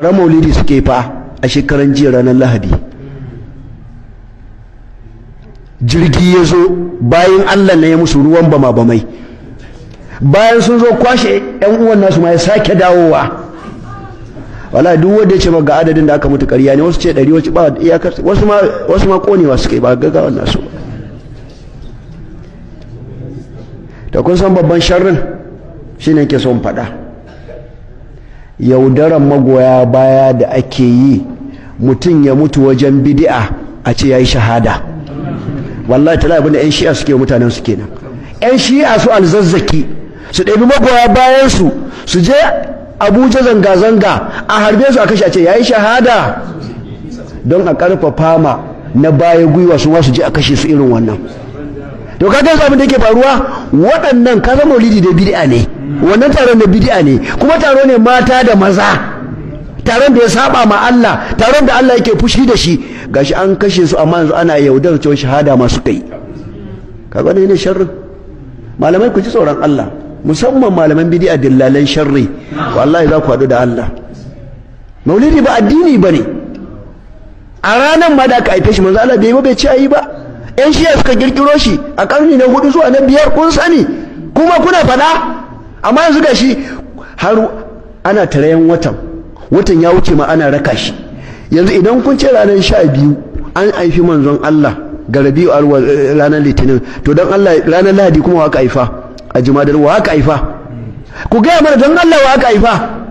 taron maulidi suke fa a shekaran jiya ranar lahadi jirgi ya zo bayan allah na ya musu ruwan bama bamai bayan sun zo kwashe yan uwan nasu ma ya sake dawowa wala duk wanda ya ce ga adadin da aka mutu ƙarya ne wasu ce ɗari wasu ba iyakar wasu ma wasu ma konewa suke ba gaggawa nasu ba da kun san babban sharrin shine ke son faɗa yaudaran magoya baya da ake yi mutum ya mutu wajen bidi'a a ce ya yi shahada wallahi tala abinda 'yan shi'a suke mutanen su kenan 'yan shi'a su alzazzaki su ɗabi magoya bayansu su je abuja zanga-zanga a harbe su a kashe a ce ya yi shahada don a ƙarfafa ma na baya gwiwa su ma su je a kashe su irin wannan to ka ga abin da yake faruwa waɗannan kaza maulidi da bid'a ne wannan taron na bid'a ne kuma taro ne mata da maza taron da ya saba ma Allah taron da Allah yake fushi da shi gashi an kashe su amma yanzu ana yaudar cewa shahada masu kai kaga ne ne sharri malamai ku ji tsoron Allah musamman malaman bid'a dillalan sharri wallahi za ku hadu da Allah maulidi ba addini ba ne a ranar ma da aka haife shi manzo Allah bai yi bai ci ayi ba yan shiya suka girkiro shi a karni na hudu zuwa na biyar kun sani kuma kuna faɗa amma yanzu shi har ana tarayen watan watan ya wuce ma ana raka shi yanzu idan kun ce ranar sha biyu an haifi manzon Allah ga rabi'u alwa eh, ranar litinin to dan Allah ranar lahadi kuma wa aka haifa a jumadar wa aka haifa ku gaya mana don Allah wa aka haifa